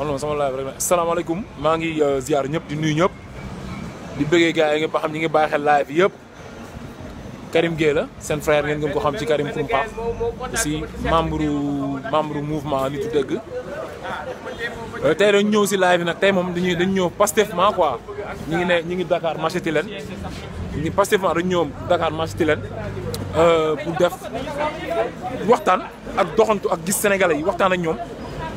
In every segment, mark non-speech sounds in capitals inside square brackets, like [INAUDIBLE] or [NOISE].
man moom salaamaaleykum maa ngi euh, ziar ñëpp di nuyu ñëpp di bëggee gars yi nga xam ñi ngi bàyyi xel live yëpp Karim Gueye la seen frère ngeen gën ko xam ci Karim Koumpaax aussi membre membre mouvement nitu dëgg euh, tey dañ ñëw si live yi nag tey moom dañuy dañ ñëw pastèquement quoi ñi ngi ne ñi ngi Dakar marché Tilène ñi pastèquement dañ ñëw dakaar marché Tilène euh, pour def waxtaan ak doxantu ak gis sénégalais yi waxtaan ak ñoom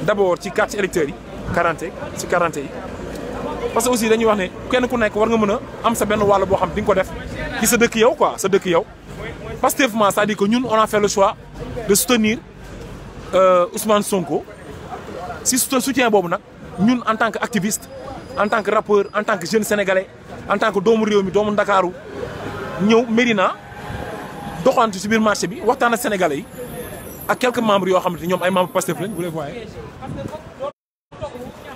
d'abord ci quartier électeurs yi 40 si 40 yi parce que aussi dañuy wax ne kenn ku nek war nga mëna am sa benn walu bo xam di ko def ci sa dëkk yow quoi sa dëkk yow dit que ñun on a fait le choix de soutenir euh, Ousmane Sonko si soutien bobu nous ñun en tant qu'activiste en tant que rappeur en tant que jeune sénégalais en tant que doomu réew mi doomu mérina ñëw Médina doxantu ci bir marché bi waxtana sénégalais yi ak quelques membres yo xam ñom ay membres Pastef lañ vous les voyez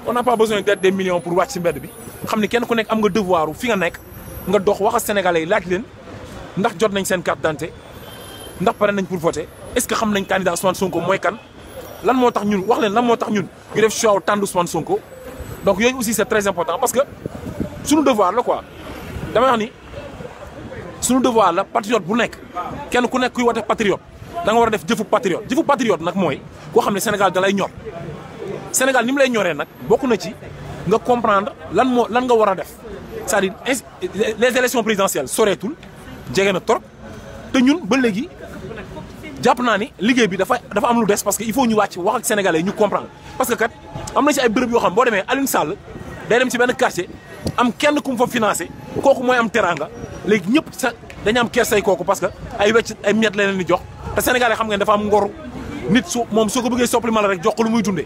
on n'a pas besoin d'être des millions pour wàcc si bi xamni ni kenn ku nekk am nga devoir fi nga nek nga dox wax sénégalais yi laaj leen ndax jot nañ sen carte d'identité ndax paré nañ pour voter est-ce que xam nañ candidat Ousmane Sonko moy kan lan moo tax ñun wax leen lan moo tax ñun ñu def choix tànn Ousmane Sonko donc yooyu aussi c'est très important parce que suñu devoir la quoi dama wax ni suñu devoir la patriote bu nek kenn ku nek kuy voter patriote da nga wara def jëfu patriote jëfu patriote nak moy ko xamni Sénégal da lay ñor. Sénégal ni mu lay ñoree nag bokk na ci nga comprendre lan moo lan nga war def c'est-à-dire les élections présidentielles soreetul jege na trop te ñun ba léegi jàpp naa ni liggéey bi dafa dafa am lu des parce que il faut ñu wàcc wax ak sénégalais ñu comprendre parce que kat am na ci ay bërëb yoo xam boo demee Alioune Sall day dem ci benn quartier am kenn ku mu fa financé kooku mooy am teranga. léegi ñëpp sa dañu am kersay kooku parce que ay wecc ay miet la leen di jox te sénégalais xam ngeen dafa am ngor nit su moom soo ko rek jox ko lu muy dundee.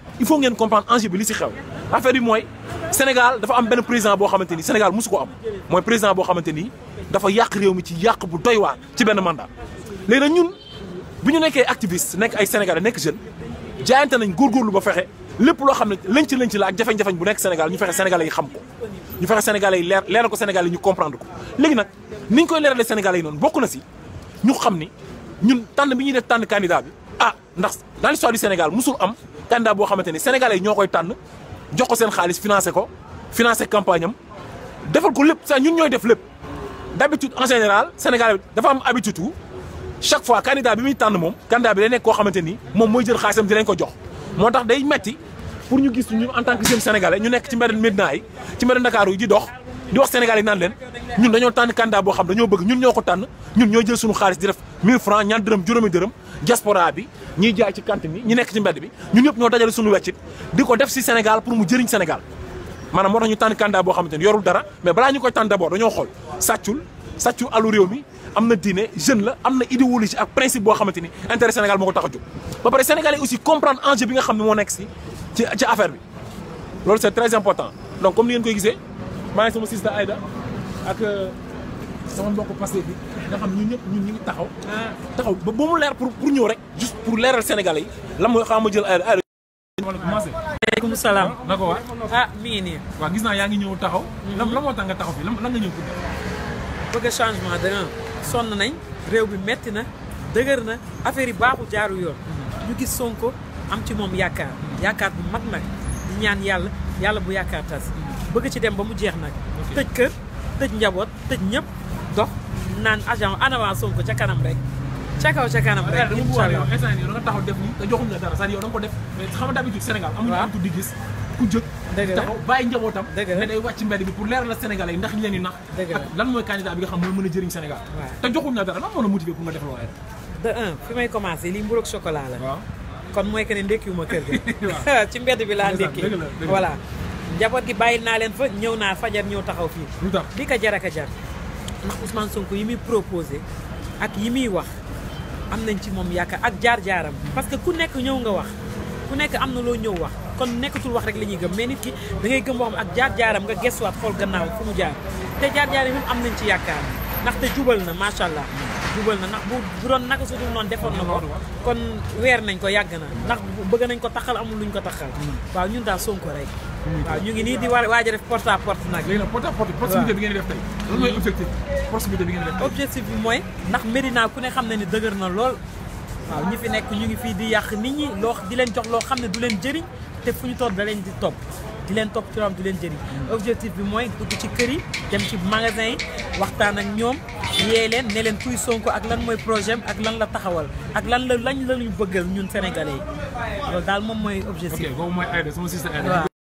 il faut ngeen comprendre enjeu bi li si xew affaire bi mooy Sénégal dafa am benn président boo xamante ni Sénégal mosu ko am mooy président boo xamante ni dafa yàq réew mi ci yàq bu doy waar ci benn mandat. léegi nag ñun bu ñu nekkee activiste nekk ay Sénégalais nekk jeune jaayante nañ góorgóorlu ba fexe lépp loo xam ne lënc lënc la ak jafe-jafe bu nekk Sénégal ñu fexe Sénégalais yi xam ko. ñu fexe Sénégalais yi leer leeral ko Sénégalais yi ñu comprendre ko léegi nag ni koy leeralee Sénégalais yi noonu bokk na si ñu xam ni ñun tànn bi ñuy def tànn candidat bi ah ndax l'histoire du Sénégal musul am candidat bo xamanteni sénégalais ñokoy ñoo jox ko sen xaliss financer ko financer campagne am defal ko lepp sa ñun ñoy def lepp d'habitude en général sénégalais dafa am habitude wu chaque fois candidat bi muy tànn mom candidat bi day nek ko xamanteni mom moy mooy jël xaalisam di lañ ko jox motax day metti pour ñu gis ñu en tant que jeune sénégalais ñu nek ci mbedd Médina ci mbedd dakar yu di dox di wax sénégalais nan len ñun dañoo tànn candidat bo xam dañoo bëgg ñun ñoko ko ñun ñoy jël suñu xaliss di def 1000 francs ñaar dërëm juroomi dërëm diaspora bi ñi jaay ci cantine ñi nekk ci mbedd bi ñun ñëpp ñoo dajale suñu weccit diko def ci Sénégal pour mu jëriñ Sénégal manam motax ñu tan kanda bo xamanteni yorul dara mais bala ñu koy tànn d'abord dañoo xol satchul satchu alu réew mi amna diiné jeune la amna idéologie ak principe bo xamanteni intérêt Sénégal moko taxaju ba paré Sénégalais aussi comprendre enjeu bi nga xamni mo moo nekk ci ci affaire bi loolu c'est très important donc comme ni ngeen koy gisee ma ngi sama sister Aïda ak euh, sama mbokk passé bi nga xam ñun ñëpp ñun ñu ngi taxaw ah. taxaw ba ba mu leer pour pour ñëw rek juste pour leeral sénégalais yi lam xama jël aéro aéro aleykum salaam nako wa ah mi ngi nii waa gis naa yaa ngi ñëw taxaw lam la moo tax nga taxaw fi lam lan nga ñëw pour bëgg changement da nga sonn nañ réew bi metti na dëgër na affaire yi baaxu jaaru yoon mhm. ñu gis sonko am ci moom yaakaar yaakaar bu mag nag di ñaan yàlla yàlla bu yaakaar tas mhm. bëgg ci dem ba mu jeex nag tëj kër tëj njaboot tëj ñëpp to nan agent Adama Sonko ca kanam rek ca kaw ca kanam rek inshallah instant yi nga taxaw def ni te joxuñ la dara c'est-à-dire yow da nga ko def mais xam nga d'habitude Sénégal amuñu am tuddi gis ku jëk taxaw bàyyi njabootam ne day wàcc mbedd bi pour leeral la Sénégalais ndax ñu leen di nax lan mooy candidat bi nga xam mooy mën a jëriñ Sénégal te joxuñ la dara lan moo la motivé pour nga def loolu de un fi may commencé lii mburoog chocolat la kon mooy que ne ndékkiwuma kër gi ci mbedd bi laa ndékki voilà njaboot gi bàyyi naa leen fa ñëw naa fajar ñëw taxaw fii di ko jaraka jar ndax Ousmane sonk yi muy proposé ak yi muy wax am nañ ci moom yaakaar ak jaar-jaaram parce que ku nekk ñëw nga wax ku nekk am na loo ñëw wax kon nekkatul wax rek la ñuy gëm mais nit ki da ngay gëm waxam ak jaar-jaaram nga gestuwaat xool gannaaw fu mu jaar te jaar-jaar yi am nañ ci yaakaar ndaxte jubal na macha allah jubal na ndax bu bu doon naka su dul noonu defoon na ko kon weer nañ ko yàgg na ndax bëgg nañ ko taxal amul luñ ko taxal mm. waaw ñun daal Sonko rek waaw ñu ngi nii di war waa def porte à porte nag. léegi nag porte def tey. lan mooy objectif proximité bi ngeen def tey. objectif bi mooy ndax Médina ku ne xam na ni dëgër na lool. waaw ñi fi nekk ñu ngi fii di yàq nit ñi loo di leen jox loo xam ne du leen jëriñ te fu ñu toog da leen di topp di leen topp ci loo xam du leen jëriñ. Mm. objectif bi mooy dugg ci kër yi dem ci magasin yi waxtaan ak ñoom leen ne leen kuy Sonko ak lan mooy projet ak lan la taxawal ak lan la lañ la ñu ñun sénégalais yi loolu daal moom mooy objectif. ok boobu mooy Aïda sama sister Aïda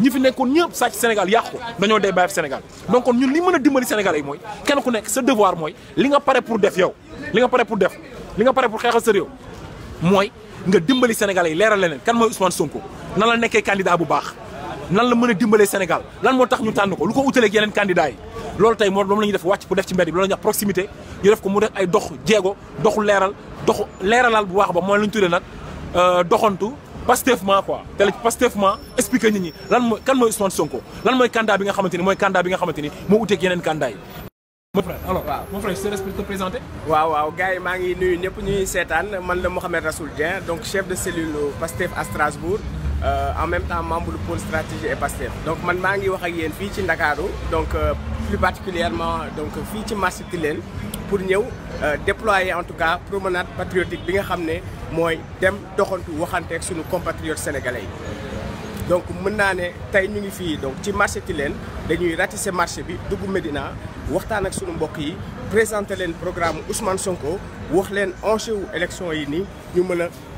ñi fi nekkoon ñëpp sàcc Sénégal yàq ko dañoo dee bàyyi Sénégal donc kon ñun li mën a dimbali Sénégalais yi mooy kenn ku nekk sa devoir mooy li nga pare pour def yow li nga pare pour def li nga pare pour xeexal sa mooy nga dimbali Sénégalais yi leeral leneen kan mooy Ousmane Sonko nan la nekkee candidat bu baax nan la mën a dimbalee Sénégal lan moo tax ñu tànn ko lu ko utaleeg yeneen candidat yi loolu tey moo moom la ñuy def wàcc pour def ci mbedd bi loolu la ñuy wax mu def ay dox jéego doxu leeral doxu leeralal bu baax ba mooy lu ñu tuddee nag euh, doxantu pastèvement quoi télé pastèvement expliquer nit ñi lan moy kan mooy Ousmane Sonko lan moy candidat bi nga xamanteni moy candidat bi nga xamanteni mo moo uteeg yeneen candidat yi. mon frère alors waaw mon frère je te présenter. waaw waaw gaay yi ngi nuyu ñep ñuy sétane man la mohamed rasoul Dieng donc chef de cellule Pastef à Strasbourg euh, en même temps membre du pôle stratégie et Pastef. donc man maa ngi wax ak yeen fi ci Ndakaaru donc euh, plus particulièrement donc fi ci marché Tilène pour ñëw euh, déployer en tout cas promenade patriotique bi nga xamné moy dem waxanté ak suñu compatriotes sénégalais donc ñu ngi fi donc ci marché Tilène dañuy ratisser marché bi dugg Médina waxtaan ak suñu mbokk présenter programme Ousmane Sonko wax enjeu élection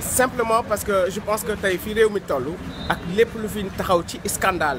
simplement parce que je pense que tu au réew mi scandale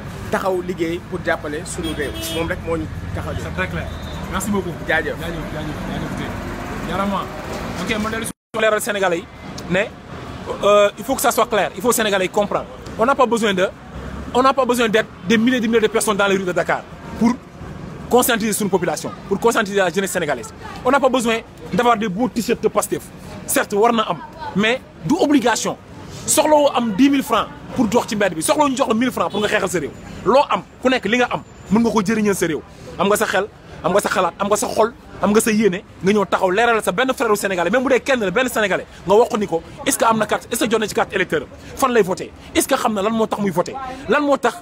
taxaw pour rek taxaw c'est très clair merci beaucoup sénégalais euh, il faut que ça soit clair il faut sénégalais comprennent. on n'a pas besoin de on n'a pas besoin d'être des milliers de milliers de personnes dans les rues de Dakar pour conscientiser sur une population, pour conscientiser la jeunesse sénégalaise. On n'a pas besoin d'avoir des beaux t-shirts de Pastef. Certes, on a mais d'obligation. Solo am 10 000 francs pour dox ci mbedd bi soxla ñu jox la 1000 francs pour nga xeexal sa réew lo am ku nekk li nga am mën nga ko jëriñal sa réew am nga sa xel am nga sa xalaat am nga sa xol am nga sa yéene nga ñëw taxaw leral sa benn frère sénégalais même bu dee kenn la benn sénégalais nga waxu ni ko est-ce que am na carte est-ce que jonne ci carte électeur fan lay voter est-ce que xam na lan moo tax muy voter lan moo tax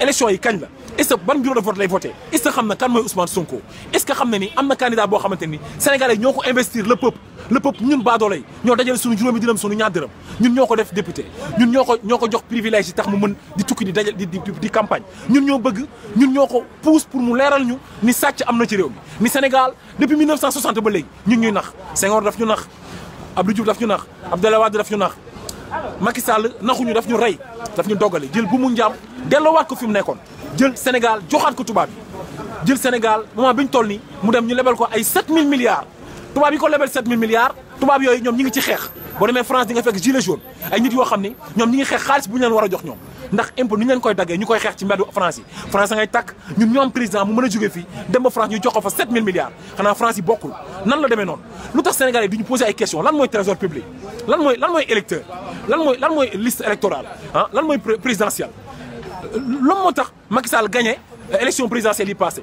élection yi kañ la est-ce que ban bureau de vote lay voter est-ce que xam na kan mooy Ousmane Sonko est-ce que xam na ni am na candidat boo xamante ni sénégalais ñoo ko investir le peuple le peuple ñun do lay ñoo dajal suñu juroomi dinam suñu ñaar dërëm ñun ñoko def député ñun ñoko ñoko jox privilège yi tax mu mën di tukki di dajal di di campagne ñun ñoo bëgg ñun ñoko pousse pour mu léral ñu ni sacc amna ci réew mi ni Sénégal depuis 1960 ba lay ñun ñuy nax Senghor daf ñu nax Abdou Diouf daf ñu nax abdallah wad daf ñu nax Macky Sall ñu daf ñu ray daf ñu dogale jël bu mu delo wat ko fim nekkon jël Sénégal joxat ko tuba bi jël Sénégal moment biñ toll ni mu dem ñu lebal ko ay 7000 milliards Tout 7 000 milliards yoy ñom ñi ngi ci xex bo Si France di nga fekk gilet jaune ay nit yo xamni ñom ñi ngi xex bu ñu leen jox ñom ndax impôt ñu leen koy daggé ci France yi France ngay président mu France ñu milliards France yi Nous nan la faire. Nous, lutax Sénégalais duñu poser ay lan trésor public lan moy lan électeur lan liste électorale ah, lan présidentielle L'homme motax gagné euh, élection présidentielle passée?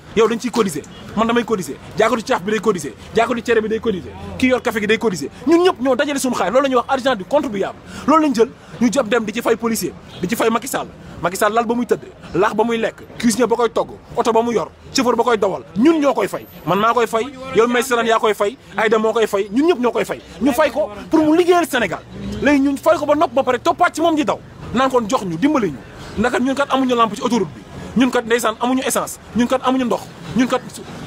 yow dañ ciy cotiser man damay cotiser jaakatu caaf bi day cotiser jaakatu cere bi day cotiser kii yor café gi day cotiser ñun ñëpp ñoo dajale suñu xaalis loolu la ñuy wax argent du contribuable loolu lañ jël ñu jëm dem di ci fay policier di ci fay Macky Sall Macky Sall lal ba muy tëdd laax ba muy lekk cuisinier ba koy togg oto ba mu yor chauffeur ba koy dawal ñun ñoo koy fay man maa koy fay yow may saran yaa koy fay Aïda moo koy fay ñun ñëpp ñoo koy fay ñu fay ko pour mu liggéeyal Sénégal léegi ñun fay ko ba ba pare toppaat ci moom di daw naan kon jox ñu dimbali ñu ndax ñun ci autoroute ñun kat ndeysaan amuñu essence ñun kat amuñu ndox ñun kat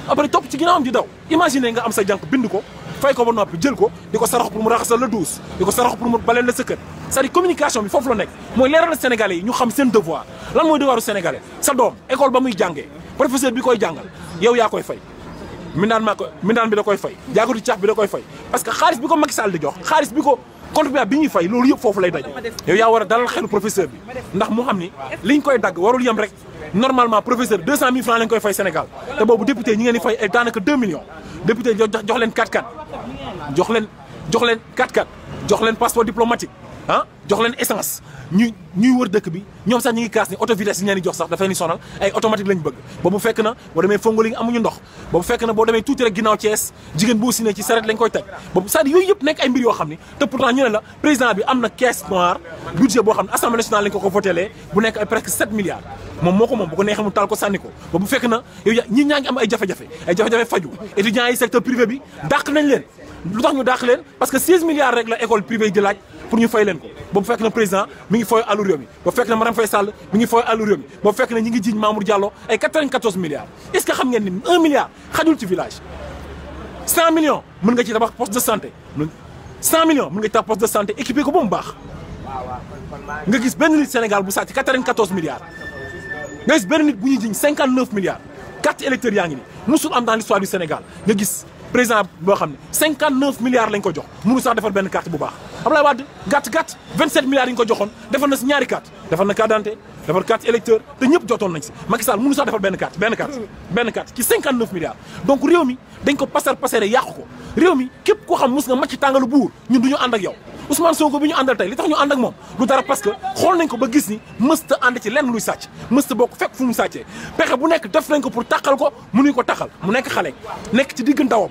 après topp ci ginnaawam di daw imagine nga am sa jànq bind ko fay ko ba noppi jël ko di ko sarax pour mu raxasal la douze di ko sarax pour la sa kër c'est-à-dire communication bi foofu la nekk mooy leeral na sénégalais yi ñu xam seen devoir lan mooy devoiru sénégalais sa doom école ba muy jàngee professeur bi koy jàngal yow yaa koy fay mindaan maa ko mindaan bi da koy fay jaagatu caaf bi da koy fay parce que xaalis bi ko xaalis bi ko contribuable bi ñuy fay loolu yëpp foofu lay daj yow yaa war a dalal xelu professeur bi ndax mu xam ni liñ koy dagg warul yem rek normalement professeur deux cent mille francs lañ koy fay Sénégal te boobu député ñi ngeen fay ay daanaka deux millions député jox leen 4-4 jox leen jox leen 4-4 jox leen passeport diplomatique ah jox essence ñu ñuy wër dëkk bi ñom sax ñi ngi kaas ni auto vitesse yi ñu jox sax dafa ni sonal ay automatique lañu bëgg bu fekk na boo demee Fongoling amuñu ndox bu fekk na bo démé tuuti rek ginnaw Thiès jigéen boo sine ci saret lañ koy teg bo c'est-à-dire yooyu yëpp ay mbir yo xamni te pourtant ñu la président bi amna caisse noire budget bo xam assemblée nationale lañ ko ko votélee bu nek ay presque 7 milliards mom moko mom bu ko neexee mu taal ko sànni ko bu fekk na yow ñi ñangi am ay jafé jafé ay jafé jafé faju étudiants yi secteur privé bi dakk nañ leen lutax ñu dakk leen parce que 16 milliards rek la école privée di laaj pour ñu fay leen ko boobu fekk na président mi ngi fooy àllu réew mi boobu fekk na Marième Faye Sall mi ngi fooy àllu réew mi boobu fekk na ñi ngi jiiñ Mamour ay 94 est-ce xam ngeen milliard xajul ci village 100 mën nga ci tabax poste de santé 100 millions mën nga ci tabax poste de santé ko ba mu baax nga gis benn nit bu sàcc 94 milliards nga gis benn nit bu ñuy jiiñ yaa ngi nii musul am dans l'histoire du Sénégal nga gis président boo xam ne 59 milliards lañ ko jox mënu sax defar benn carte bu baax Abdoulaye Wade gàtt gàtt 27 milliards yi ñu ko joxoon defar na si ñaari carte defar na carte d'identité defar carte électeur te ñëpp jotoon nañ si Macky Sall mënu sax defar benn carte benn carte benn carte ci 59 milliards donc réew mi dañ ko pasar pasare yàqu ko réew mi képp koo xam mus nga macc tàngalu buur ñun du ñu ànd ak yow Ousmane Sonko bi ñu àndal tey li tax ñu ànd ak moom lu dara parce que xool nañ ko ba gis ni mësta ànd ci lenn luy sàcc mësta bokk fekk fu mu sàccee pe bu nekk def nañ ko pour tàqal ko mënuñ ko mu nekk xale nekk ci digg ndawam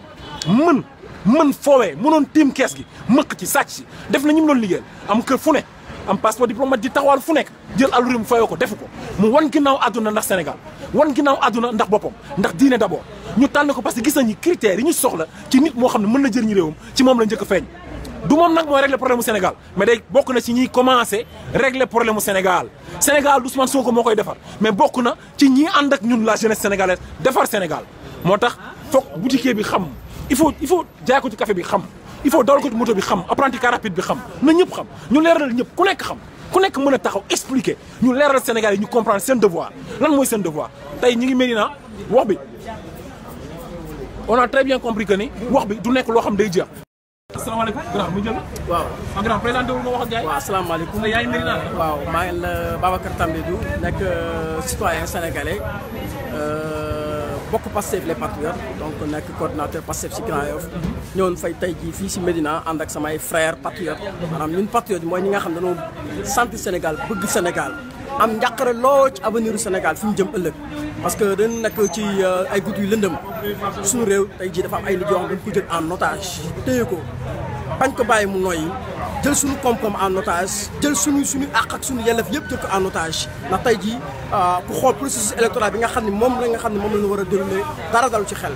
mën mën foowee mënoon tiim kees gi mëq ci sàcc si def na ñu mu doon liggéeyal am kër fu ne am passeport diplomate ji taxawal fu nekk jël àllu réew mi fayoo ko defu ko mu wan ginnaaw àdduna ndax Sénégal wan ginnaaw àdduna ndax boppam ndax diine d'abord ñu tànn ko parce que gis nañu critères yi ñu soxla ci nit moo xam ne mën na jëriñu réewam ci moom la njëkk a feeñ du moom nag mooy régler problème mu Sénégal mais day bokk na ci ñiy commencé régler problème mu Sénégal Sénégal du Ousmane Sonko moo koy defar mais bokk na ci ñi ànd ak ñun la jeunesse sénégalaise defar Sénégal moo tax foog boutique bi xam il faut il faut jaay de café bi xam il faut nous Nous moto bi xam apprenti car rapide bi xam na xam ñu nous ku nekk xam ku nekk Nous taxaw expliquer ñu Nous sénégalais ñu comprendre devoir lan moy ce devoir tay ñi ngi wax on a très bien compris que ni wax bi du nekk lo xam day grand jël. grand citoyen sénégalais. Euh, bokk Pastef les patriotes donc nekk coordinateur Pastef ci Grand Yoff ñëwoon fay tay ji fi ci medina and ak samay frère patriote manam ñun patriote moy ñi nga xam dañu dañoo sentir Sénégal bëgg Sénégal am njàqare lo ci avenir u Sénégal fi mu jëm ëlëk parce que dañ nak ci euh, ay guddi yu lëndëm suñu réew tay ji dafa am ay nit yoo xam dañ ko jël en otage téye ko bañ ko bàyyi mu noyyi jël suñu koom-koom en otage jël suñu suñu àq ak suñu yelleef yëpp jël ko en otage ndax tey jii euh, ku xool processus électoral bi nga xam ne moom la nga xam ne moom la ñu war a déroulé dara dalu ci xel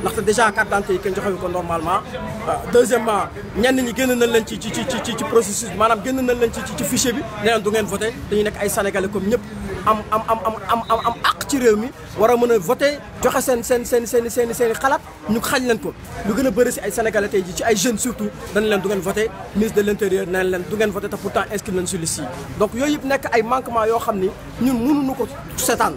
ndaxte déjà carte d'identité yi kenn joxewu ko normalement euh, deuxièmement ñenn ñi génn nañ leen ci ci ci ci processus bi maanaam génn nañ leen ci ci fichier bi ne leen du ngeen voté dañuy nekk ay sénégalais comme ñëpp am am am am am am bokk ci réew mi war voter joxe sen sen sen sen sen sen xalat ñu xañ lan ko lu gëna a ci ay sénégalais tay ji ci ay jeunes surtout dañ leen du ngeen voter ministre de l'intérieur nañ leen du ngeen voter ta pourtant inscrit nañ sur liste yi donc yooyu yëpp nekk ay manquement yo xamni ñun mënuñu ko sétane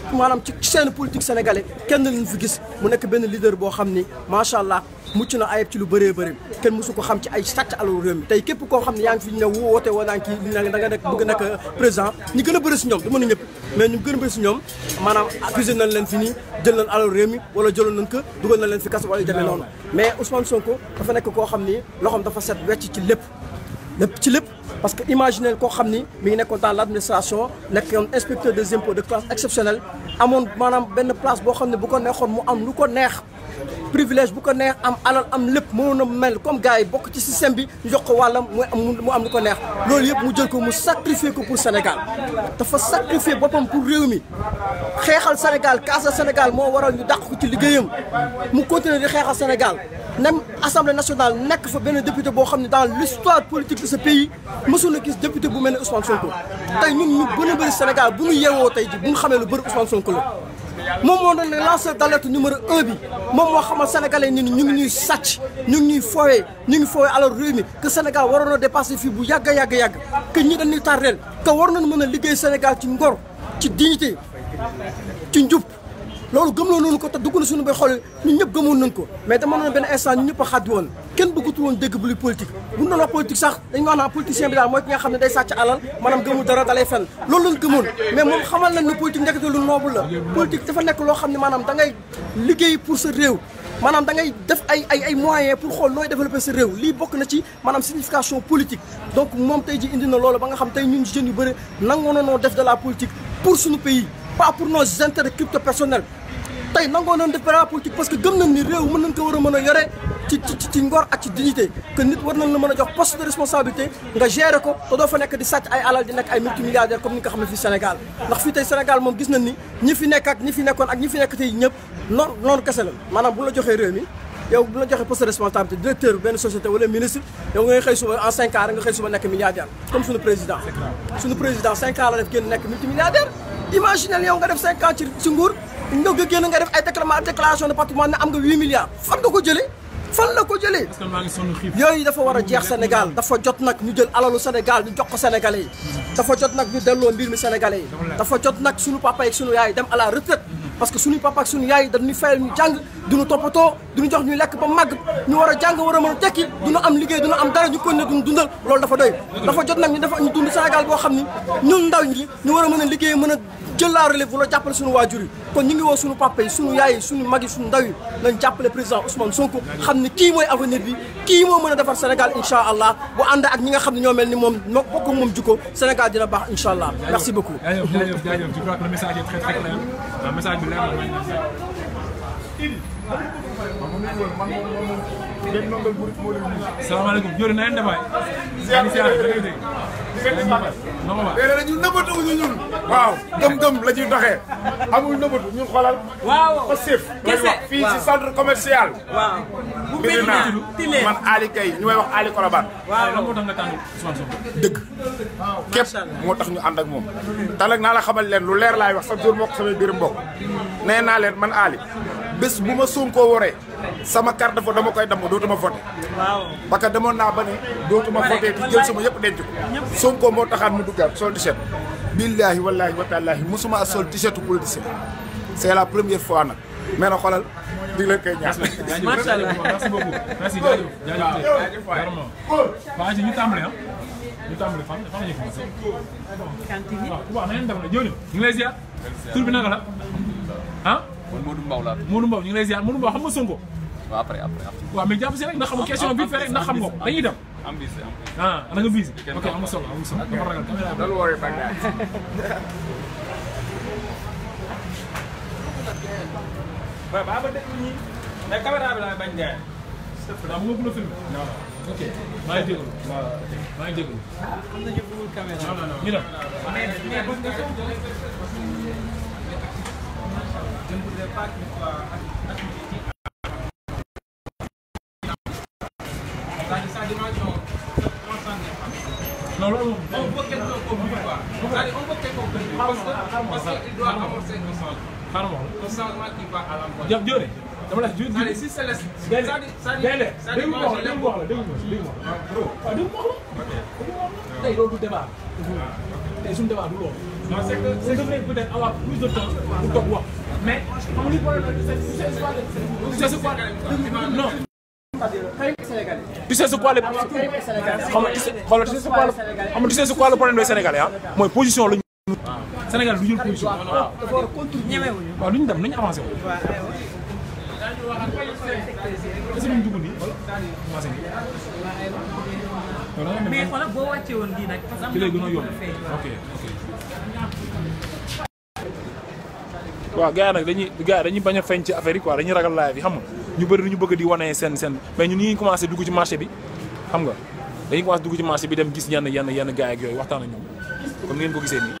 maanaam ci seen politique sénégalais kenn lañ fi gis mu nekk benn leader boo xam ni macha allah mucc na ayib ci lu bëree kenn mësu ko xam ci ay sàcc alalu réew tey képp koo xam ne yaa ngi fi ne woote woo naa kii da nga nekk bëgg nekk président ñi gën a bëri si ñoom du mën a ñëpp mais ñu gën a bëri ñoom maanaam accusé nañ leen fi nii jël nañ alalu réew mi wala jëloon nañ ko dugal nañ leen fi kaso wala yu demee noonu mais Ousmane Sonko dafa nekk koo xam ni loxoom dafa set wecc ci lépp Le petit parce que imaginez que vous mi ngi l'administration dans inspecteur des impôts de classe exceptionnelle vous avez une place qui bu privilège bu ko neex am alal am lépp mënoon a mel comme gars yi bokk ci système bi ñu jox ko wàllam mu am mu ko neex loolu yëpp mu jël ko mu sacrifier ko pour Sénégal dafa sacrifier boppam pour réew mi xeexal Sénégal kaasa senegal moo waral ñu dàq ko ci liggéeyam mu continuer di xeexal Sénégal même assemblée nationale nekk fa benn député boo xam ne dans l'histoire politique de ce pays mësul na gis bu mel ne Ousmane Sonko tey ñun ñu gën a bu ñu yeewoo tey ji bu ñu xamee lu bëri Ousmane Sonko moom moo doon lanceur d'alerte numéro un bi moom moo xamal sénégalais ni ñu ngi ñuy sàcc ñu ngi ñuy fooyee ñu ngi fooyee alors réew mi que Sénégal waroon a bu yàgg a yàgg yàgg que ñi dañuy tardeel que war nañu mën a liggéey Sénégal ci ngor ci dignité ci njub loolu gëmloo noonu ko te dugg na suñu bay xool ñun ñëpp gëmoon nañ ko mais dama noonu benn instant ñu ñëpp a xàddu woon kenn bëggatul woon dégg bu politique bu la politique sax dañ wax politiciens, politicien bi daal mooy ki nga xam day alal dara dalay mais ne politique lu noble la politique dafa da ngay pour ce réew maanaam da ngay def moyens pour développer sa réew lii bokk signification politique donc moom tey ji indi na de la politique pour suñu pays pas pour nos intérêts crypto personnels tey nangoo nañ def para politique parce que gëm nañ ni réew mën nañ ko war a mën a yore ci ci ci ngor ak ci dignité que nit war nañ la mën a jox poste de responsabilité nga gérer ko te doo fa nekk di sàcc ay alal di nekk ay multimilliardaire comme ni nga xam ne fii Sénégal ndax fii tey Sénégal moom gis nañ ni ñi fi nekk ak ñi fi nekkoon ak ñi fi nekk tey ñëpp non non kese la maanaam bu la joxee réew mi yow bu la joxee poste de responsabilité directeur benn société wala ministre yow ngay xëy suba en 5 ans nga xëy suba nekk milliardaire comme suñu président suñu président 5 ans la def génn nekk multimilliardaire imaginez yow nga def 5 ans ci ci nguur nga génn nga def ay déclaration déclaration de patrimoine ne am nga 8 milliards fan nga ko jëlé? fan la ko jëlé? que ma sonu jëlee Yoy dafa wara jeex Sénégal dafa jot nak ñu jël alalu Sénégal ñu jox ko Sénégalais dafa jot nak ñu delloo mbir mi Sénégalais dafa jot nak suñu papa ak suñu yaay dem à la retraite parce que suñu papa ak suñu yaay dañuy fayal ñu jàng duñu topoto duñu jox ñu lekk ba mag ñu wara a jàng war a tekki duñu am liggéey duñu am dara ñu kon ne duñu dundal loolu dafa doy dafa jot nak ñu dafa ñu dund Sénégal boo xam ni ñun ndaw ñi ñu wara mëna mën a liggéey mën jël la relève wala jàppale suñu waajur yi kon ñu ngi woo suñu papa yi yaay yi suñu mag yi suñu ndaw yi président Ousmane Sonko xam ne kii avenir bi kii moo mën a defar Sénégal incha bu ànd ak ñi nga xam ñoo jikko Sénégal dina baax merci beaucoup je crois que le message est très message bi benn ndongal bu moo leen nuyu. salaamaaleykum Dior na leen defaay. ziar ziar da ngay dégg. dégg nga ñu nëbbatu ñu ñun. waaw gëm-gëm la ñuy doxee. amul nëbbatu ñun xoolal. waaw ko sif. kese waaw fii ci centre commercial. waaw bu mel ni man Ali Gueye ñu may wax Ali Koroban. waaw lan moo tax nga tànn Ousmane Sonko. dëgg. képp moo tax ñu ànd ak moom. te nag naa la xamal leen lu leer laay wax chaque jour moo ko samay biir mbokk. nee naa leen man Ali bés bu ma Sonko waree sama carte de vote dama koy damm dootuma voté. waaw que demoon naa ba ne dootuma voté ti jël sama denc ko. Sonko moo taxaan mu duggaat sol t billaahi wallaahi wataalaahi mosuma sol t politicien c'est première fois nag. mais nag xoolal di la koy ñaax. [LAUGHS] macha allah merci beaucoup merci jaajëf jaajëf vraiment. waa ñu tàmbali ah. ñu tàmbali fan fan la ah? man Modou Mbaw laa Modou Mbaw ñu ngi lay ziar Modou Mbaw xam nga Sonko waaw après après waaw mais jàpp si rek ndax xam question bi rek ndax xam nga dañuy dem am bis ah da nga bis ok am nga solo am nga solo dama ragal caméra don't worry about that ba ba ba déglu ñi mais caméra bi laa bañ gaay da mu ko film non ok maa ngi déglu maa ngi déglu ah, am na ñu bëggul caméra non non ñu dem mais mais je ne voudrais pas qu'il soit On veut comme On veut comme parce qu'il doit qui va à c'est que peut avoir plus de temps pour mais amul problème tu sais c'est quoi non. tu sais c'est quoi le xam nga tu sais xoolal tu sais c'est quoi le xam nga tu sais c'est quoi le problème des Sénégalais ah mooy position la ñu. Sénégal du jël position waaw. waaw lu ñu dem nañu avancé wu. est-ce que ñu dugg nii wala avancé nii. mais xoolal boo wàccee woon lii nag. parce que am na ok ok. waaw gars yi nag dañuy gars yi dañuy bañ a feeñ ci affaire yi quoi dañuy ragal live yi xam nga ñu bëri ñu bëgg di wane seen seen mais ñun ñu ngi commencé dugg ci marché bi xam nga dañuy commencé dugg ci marché bi dem gis yenn yenn yenn gars yi ak yooyu waxtaan ak ñoom comme ni ngeen ko gisee nii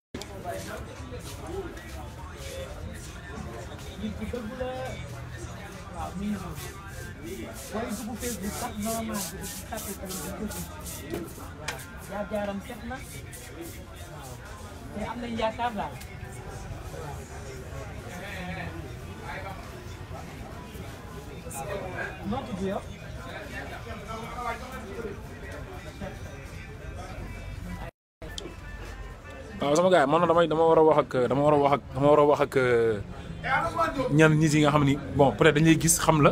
ويجيبوا فيسبوك صاحبنا ما خاطر يا جارم سخنة يا عم يا كابل ما تجي waaw sama gars man damay dama war a wax ak dama war a wax ak dama war a wax ak ñan nit yi nga xam bon peut-être dañ lay gis xam la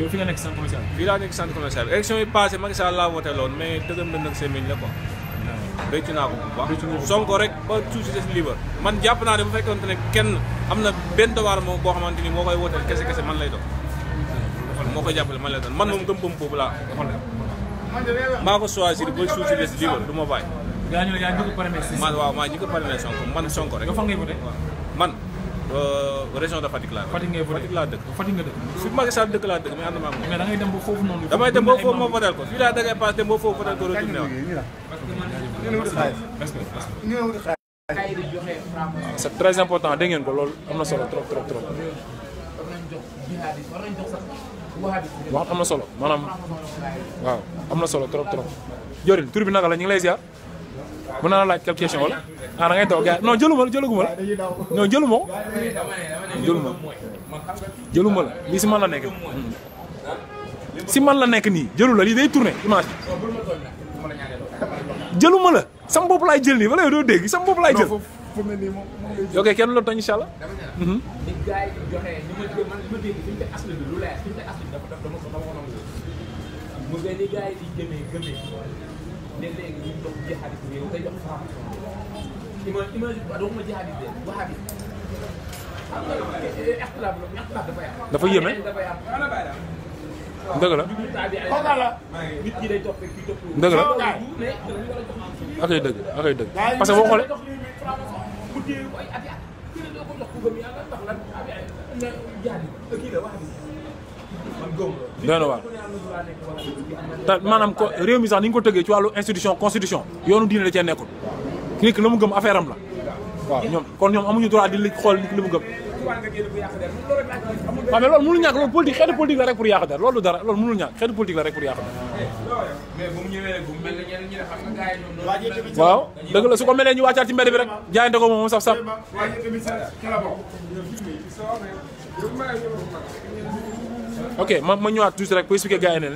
yow fi nekk centre commercial. fii laa nekk centre commercial élection yi passé Macky laa voté mais dëggam na nag semaine la quoi. rëccu naa ko bu Sonko rek ba suuf des libre man jàpp naa ne bu fekkoonte ne kenn am na benn dawaar moom boo xamante ni moo koy wooteel kese kese man lay doon moo koy jàppale man maa ko choisir ba suuf si des libre du ma bàyyi. yaa ñu ne yaa ñu ko parrainé. man waaw maa ñu ko parrainé Sonko man Sonko rek. nga foog ngay voté man. Eh, région de Fatick laa Fatick ngay voté Fatick laa dëkk Fatick nga dëkk fi Macky Sall dëkk laa dëkk mais ànd maam mais da ngay dem ba foofu noonu damay dem ba foofu ma votel ko fii laa da ngay dem ba foofu votel ko retourné waat c'est très important dégg ko loolu am solo trop trop trop wax am solo maanaam waaw am solo trop trop jorin tur bi naka la lay ya. ziar mana naa la laaj quelque question wala ah da ngay toog gars non jëluma jëluguma la non jëluma jëluma jëluma la lii si man la nekk si man la nekk nii jëlu la lii day tourner image jëluma la sam bopp lay jël ni wala do dégg sam bopp lay jël ok kenn la toñ incha allah mu ndende en min ɗon jihadi ko yew tawi on faama ima image aɗoma jihadi de waabi ihtilaf ihtilaf dafa yaam dafa yéeme dafa yaam dëgg la kooka la nit ki day topp ki topp dëgg la akay dëgg akay dëgg parce que boo xoolee mu dee ay at at kii la doo ko jox ku gëm yàlla ndax lan abi ay jihadi kii la waabi doy na waar te maanaam ko réew mi sax ni ñu ko tëggee ci wàllu institution constitution yoonu diine da cee nekkul ki nekk la mu gëm affaire am la waaw ñoom kon ñoom amuñu droit di li xool li mu gëm waaw ah, mais loolu mënul ñàkk loolu politique xeetu politique la rek pour yàq dara loolu dara loolu mënul ñàkk xeetu politique la rek pour yàq dara waaw dëgg la su ko melee ñu wàccaat ci mbedd bi rek jaayante ko moom saf saf ok je vais vous pour expliquer ce que vous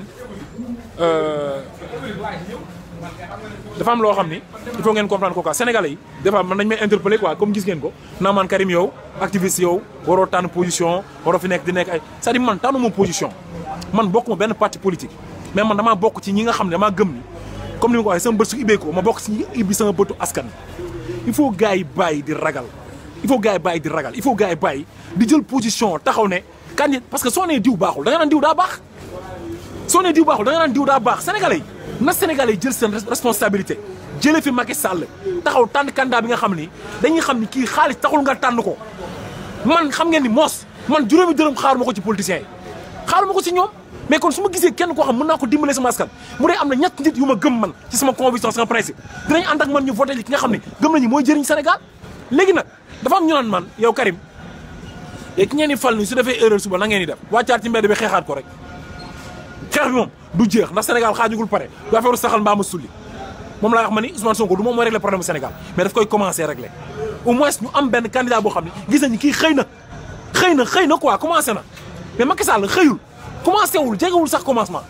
dafa am loo il faut que comprendre compreniez quoi sénégalais yi des fois man interpeller quoi comme gis dire ko naa Karim yow activiste yow position je fi nekk di nekk cest à je suis position man parti politique mais man suis bokk ci ñi nga xam ne gëm ni comme ni ma ko je sama bët su vous ma il faut gars yi de di ragal il faut ragal il faut que di jël position candidat parce que soné diou baxul da nga naan diou da bax soné diou baxul da nga naan diou da bax sénégalais na sénégalais jël sen responsabilité jël fi Macky Sall taxaw tan candidat bi nga xamni dañuy xamni ki xaliss taxul nga tan ko man xam ngeen ni mos man juroomi deureum xaaruma ko ci politiciens yi xaaruma ci ñom mais kon suma gisé kenn ko xam mëna ko dimbalé sama askan mu dee amna ñatt nit yu ma gëm man ci sama conviction sama principe dinañ and ak man ñu voter li ki nga xamni gëm nañu moy jëriñ Sénégal légui nak dafa am ñu nan man yow Karim léegi ki ngeen di fal nii su defee erreur suba na ngeen di def wàccaat ci mbedd bi ko rek xeex bi moom du jeex ndax Sénégal xaajugul pare du affaire saxal mbaa ma sulli moom la wax ma ni Ousmane Sonko du moom mooy régler problème Sénégal mais daf koy commencer régler au moins ñu am benn candidat boo xam ne gis nañu kii xëy na xëy na xëy na quoi commencé na mais Macky Sall xëyul commencé wul jegewul sax commencement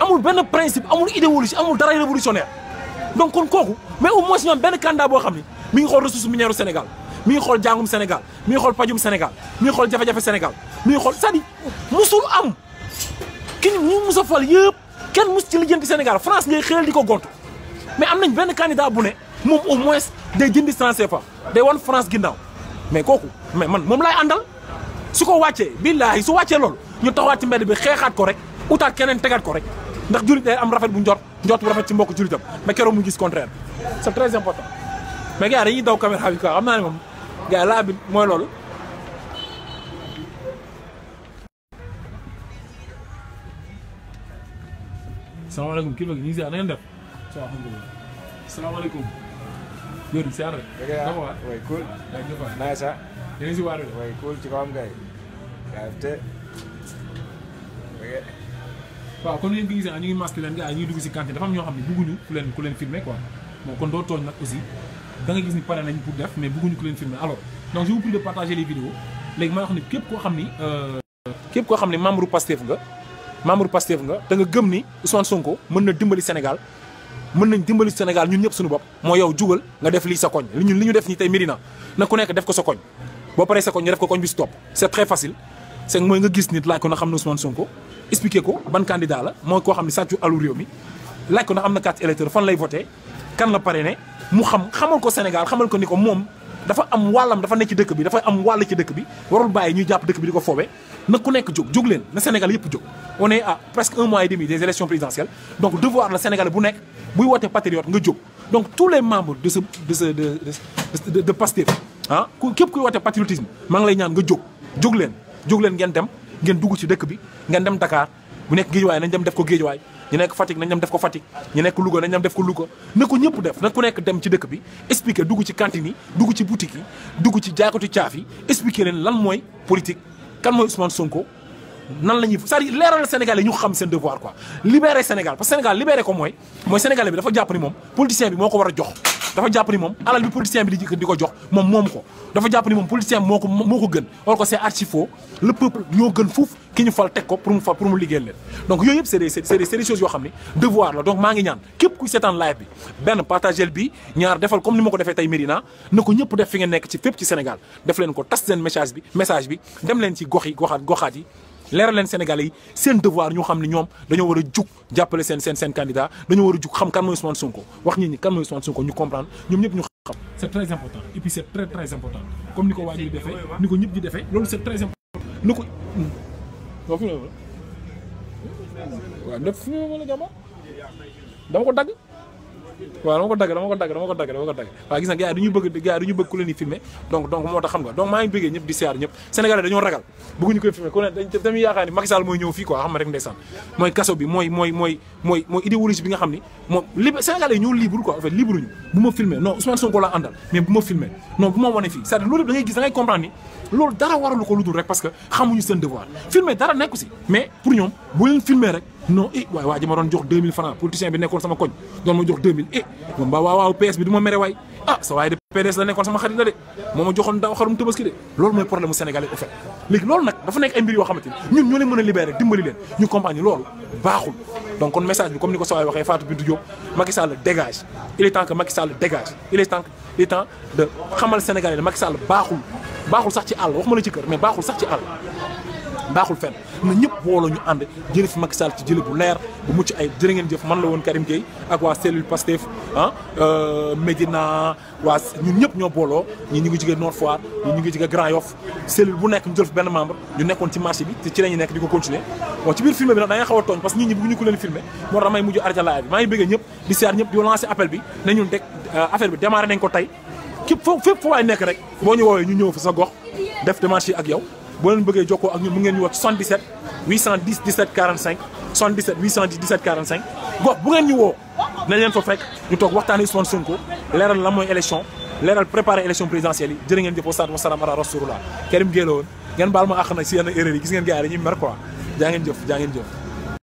amul benn principe amul idéologie amul dara révolutionnaire donc kon kooku mais au moins ñu benn candidat boo xam ne mi ngi xool ressource minière Sénégal mi xol jàngum Sénégal mi xol pajum Sénégal mi xol jafe-jafe Sénégal mi xol xool musul am ki ñu musa fal yëpp kenn mus ci lijeenti Sénégal France ngay xëyal diko gontu mais am nañ benn candidat bu ne mom au moins day jëndi sans CFA day won France ginnaw mais koku mais man mom lay àndal su ko wàccee billaahi su wacce loolu ñu taxawaat ci mbedd bi xéxat ko rek outa kenen tegat ko rek ndax jurit day am rafet bu njort ndjot bu rafet ci mbokk juritam mais kéro mu gis contraire c'est très important mais gars dañuy daw caméra bi quoi xam naa ne moom gars laa bi mooy loolu. salaamaaleykum kii bi ñu ngi siyaar na ngeen def. alhamdulilah. salaamaaleykum. Diop siyaar sa. yéen si waar ci kawam ah, gars yi. kon yéen ñu ngi masque leen gars ñu ngi si cantine dafa am ñoo xam ne bugguñu ku leen ku leen filmer quoi bon kon doo tooñ nag aussi. da nga gis ni pare nañ pour def mais beaucoup ko leen filmer alors donc je vous prie de partager les vidéos mais may wax ni képp koo ramener ni euh, képp koo xam ni membre Pastef nga membre Pastef nga da nga gëm ni Ousmane Sonko mën dimbali Sénégal mën dimbali Sénégal ñun ñëpp suñu bopp moi yow jugal nga def li sa koñ li ñun li ñu def ni tey Médina na ku nekk def ko sa bon boo paree sa koñ ñu def ko koñ stop c'est très facile c'est mooy nga gis nit laaj ko na xam Ousmane Sonko expliqué ko ban candidat la mooy koo xam ça tu alu réew mi laaj ko na am quatre électeurs électeur fan lay voter kan la parrainé mu xam xamal ko Sénégal xamal ko niko ko dafa am wàllam dafa nekk ci dëkk bi dafa am wàll ci bi warul bàyyi ñuy jàpp dëkk bi di ko foowe na ku nekk na Sénégal yëpp jóg on est à presque un mois et demi des élections présidentielles donc devoir le Sénégal bu nekk bu wootee patriote nga jóg donc tous les membres de ce de ce de de de Pastef ah ku kep ku wootee patriotisme mang lay ñaan nga jóg jóg leen jóg leen ngeen dem ngeen dugg ci dëkk bi ngeen dem Dakar bu nekk géejuwaay nañ dem def ko géejuwaay ñu nekk Fatick nañ dem def ko Fatick ñu nekk Louga nañ dem def ko Louga na ko ñëpp def na ku nekk dem ci dëkk bi expliquer dugg ci cantine yi dugg ci boutique yi dugg ci jaaykatu caaf yi expliquer leen lan mooy politique kan mooy Ousmane Sonko nan la ñuy cest à leeral Sénégal yi ñu xam seen devoir quoi libérer Sénégal parce que Sénégal libérer ko mooy mooy Sénégalais bi dafa jàpp ni moom politicien bi moo ko war a jox ni alal bi policier bi di ko jox policier c'est archi faux le peuple qui gën ki ñu fal pour pour donc c'est des c'est des choses que devoir la donc je ngi ñaan live bi partagez le bi ñaar comme ni Sénégal def ko message message bi dem leeral leen Sénégalais sen devoir ñu xamni ñom dañu wara juk a sen sen sen candidat dañu wara juk xam kan moy Ousmane Sonko wax nit ñi kan moy Ousmane Sonko ñu comprendre ñom ñëpp ñu xam. c'est très important et puis c'est très très important comme niko ko waa niko defee ni ko ñëpp di defee loolu c'est très important. ni ko. Hmm. waaw neuf fi mu ne dama ko dag waaw dama ko dagg dama ko dagg dama ko dagg dama ko dagg waaw gis nga bëgg gars yi duñu donc donc moo tax xam donc maa bëggee ñëpp di siyaar ñëpp sénégalais dañoo ragal bëgguñu koy filmer ku ne tamit yaakaar ni Macky mooy ñëw fii quoi xam nga mooy kaso bi mooy mooy mooy mooy mooy idéologie bi nga xam ni moom libre ñoo libre quoi en fait libre ñu bu ma filmer non Ousmane Sonko laa àndal mais bu ma filmer non bu ma wane fii cest à loolu da ngay gis dara parce que xamuñu un devoir filmer dara mais pour nous, bu leen filmer non Et eh, waay ma don jox 2000 francs politicien bi nekkon sama koñ don ma jox 2000 Et eh, ba waaw PS bi ah sa de PDS la nekkon sama xarit la de ma xarum de problème sénégalais au fait nak dafa nek ay mbir ñun dimbali compagnie donc on message bi comme niko ko sawaay Fatou Bintou dégage il est temps que Macky Sall dégage il est temps il temps de xamal sénégalais Macky Sall baaxul sax ci àll waxuma la ci kër mais baaxul sax ci àll na ñëpp wooloo ñu ànd jëlee fi Macky Sall ci jële bu leer bu mucc ay jërë ngeen jëf man la woon Karim Gueye ak waa cellule Pastef ah euh, Médina waa ñun ñëpp ñoo booloo ñi ñu ngi jógee Nord Foire ñi ñu ngi jógee Grand Yoff cellule bu nekk ñu jël fi benn membre ñu nekkoon ci marché bi te ci la ñu nekk di ko continuer bon ci biir filmé bi nag da ngay a tooñ parce que nit ñi bu ñu ko leen filmé moo tax mujj arrêté laaj bi maa ngi euh, nañ ko tey képp faut fépp Nous rek boo ñu ñu ñëw fa sa gox def démarche ak yow leen ak ñun mu ngeen ñu 77 810 17 45 77 810 17 45 gox bu ngeen ñu woo nañ leen fa fekk ñu Nous à la élection préparer élection présidentielle yi jërë ngeen Nous wasalaatu wasalaam ala rasulullah Karim Gueye ngeen Nous ma fait nag si Nous erreur yi gis ngeen gars dañuy mer quoi